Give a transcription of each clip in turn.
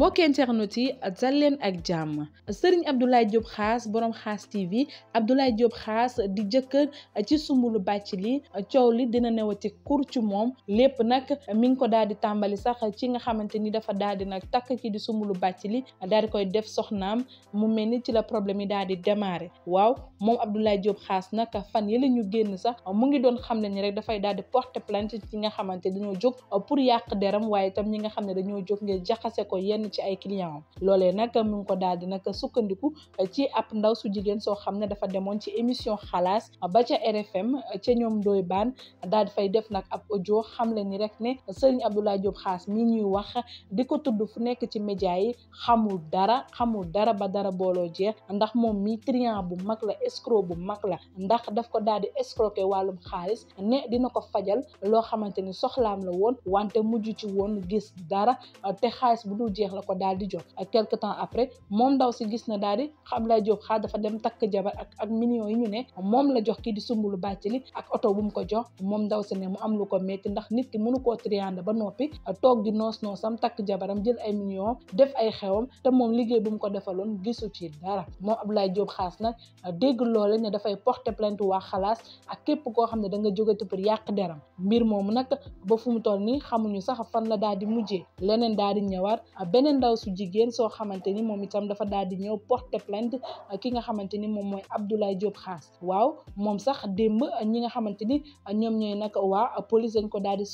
mbokki internet yi dal leen ak jàmm Serigne Abdoulaye jóob Khass borom Khass TV Abdoulaye Diop xaas di jëkkër ci sumbulu bàcc li coow li dina newati kur ci moom lépp nag mi ngi ko daal di tàmbali sax ci nga xamante ni dafa daal nag takk ki di sumbulu bàcc li daal di koy def soxnaam mu mel ni ci la problème yi daal di démarré waaw moom Abdoulaye jóob xaas nag fan yële ñu génn sax mu ngi doon xam ne ni rek dafay daal di porter plainte ci nga xamante dañoo jóg pour yàq deram waaye tam ñi nga xam ne dañoo jóg ngir jaxase ko yenn ci ay client am loolee nag mu ko daal di nag sukkandiku ci ab ndaw su jigéen soo xam ne dafa demoon ci émission xalaas ba ca RFM ca ñoom doy baan daal di fay def nag ab audio xam le nii rek ne Serigne Abdoulaye Diop Khass mi ñuy wax di ko tudd fu nekk ci média yi xamul dara xamul dara ba dara booloo jeex ndax moom mi client bu mag la escroc bu mag la ndax daf ko daal di escroquer wàllum xaalis ne dina ko fajal loo xamante ni soxlaam la woon wante mujj ci woon gis dara te xaalis bu dul jeex la la ko daal di jox ak quelque temps après moom ndaw si gis na daal di xam lay Diop xaar dafa dem takk jabar ak ak millions yi ñu ne moom la jox kii di sumbulu bàcc li ak oto bu mu ko jox moom ndaw si ne mu am lu ko metti ndax nit ki mënu koo triande ba noppi toog di noos noosam takk jabaram jël ay millions def ay xewam te moom liggéey bu mu ko defaloon gisu ci dara moom Abdoulaye Diop xaas nag dégg loole ne dafay porter plainte waa xalaas ak képp koo xam ne da nga jógati pour yàq deram mbir moomu nag ba fu mu toll nii xamuñu sax di mujjee leneen daal di ñëwaat beneen beneen ndaw su jigéen soo xamante ni moom itam dafa daal di ñëw porter plainte ki nga xamante ni moom mooy Abdoulaye Diop xaas waaw moom sax démb ñi nga xamante ni ñoom ñooy nag waa police dañ ko daal di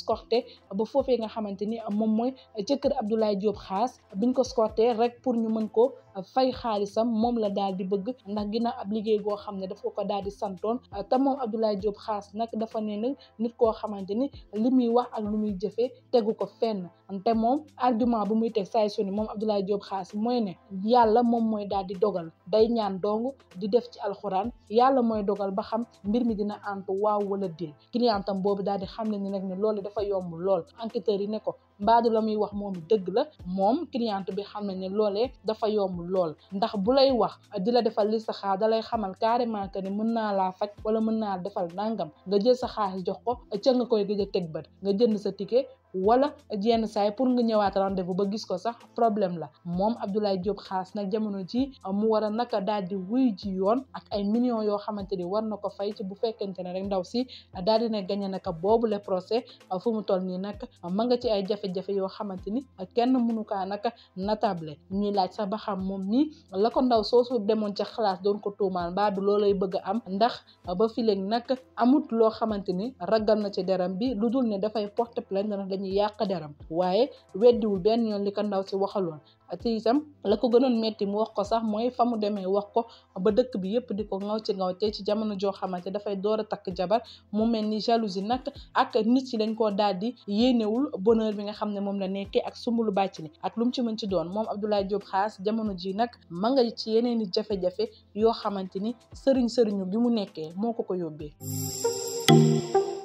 ba foofee nga xamante ni moom mooy ca kër Abdoulaye Diop Khass biñ ko scorter rek pour ñu mën ko fay xaalisam moom la daal di bëgg ndax ginnaaw ab liggéey boo xam ne daf ko daal di santoon te moom Abdoulaye Diop Khass nag dafa ne nag nit koo xamante ni li muy wax ak lu muy jëfee tegu ko fenn te moom argument bu muy teg saay su ne moom Abdoulaye Diop Khass mooy ne yàlla moom mooy daal di dogal day ñaan dong di def ci alxuraan yàlla mooy dogal ba xam mbir mi dina antu waaw wala déet clientam boobu daal di xam ne ni nag ne loolu dafa yomb lool enquêteurs yi ne ko mbaadu la muy wax moom dëgg la moom client bi xam ne ne loolee dafa yomb lool ndax bu lay wax di la defal li saxaar da lay xamal carrément que ni mën naa laa faj wala mën naa defal nangam nga jël sa xaalis jox ko ca nga koy gëj a teg bët nga jënd sa ticket wala yenn saay pour nga ñëwaat rendez bu ba gis ko sax problème la moom Abdoulaye Diop xaas nag jamono ji mu war a naka daal di wuy ji yoon ak ay millions yoo xamante ni war na ko fay bu fekkente ne rek ndaw si daal di ne gagné naka boobu le procès fu mu toll nii nag ma nga ci ay jafe-jafe yoo xamante ni kenn mënu kaa naka natable ñuy laaj sax ba xam moom nii la ko ndaw soosu demoon ca xalaas doon ko tuumaan baa du loolay bëgg a am ndax ba fi léegi nag amut loo xamante ni ragal na ci deram bi lu dul ne dafay porter plainte yàq deram waaye weddiwul benn yoon li ko ndaw si waxaloon te itam la ko gënoon metti mu wax ko sax mooy fa mu demee wax ko ba dëkk bi yëpp di ko ngaw ci ngaw te ci jamono joo xamante dafay door takk jabar mu mel ni jalousie nag ak nit yi dañ koo daal di yéenewul bonheur bi nga xam ne moom la nekkee ak sumbulu bàcc li ak lu mu ci mën ci doon moom Abdoulaye Diop xaas jamono ji nag manga ci yeneen i jafe-jafe yoo xamante ni sëriñ sëriñu bi mu nekkee moo ko ko yóbbee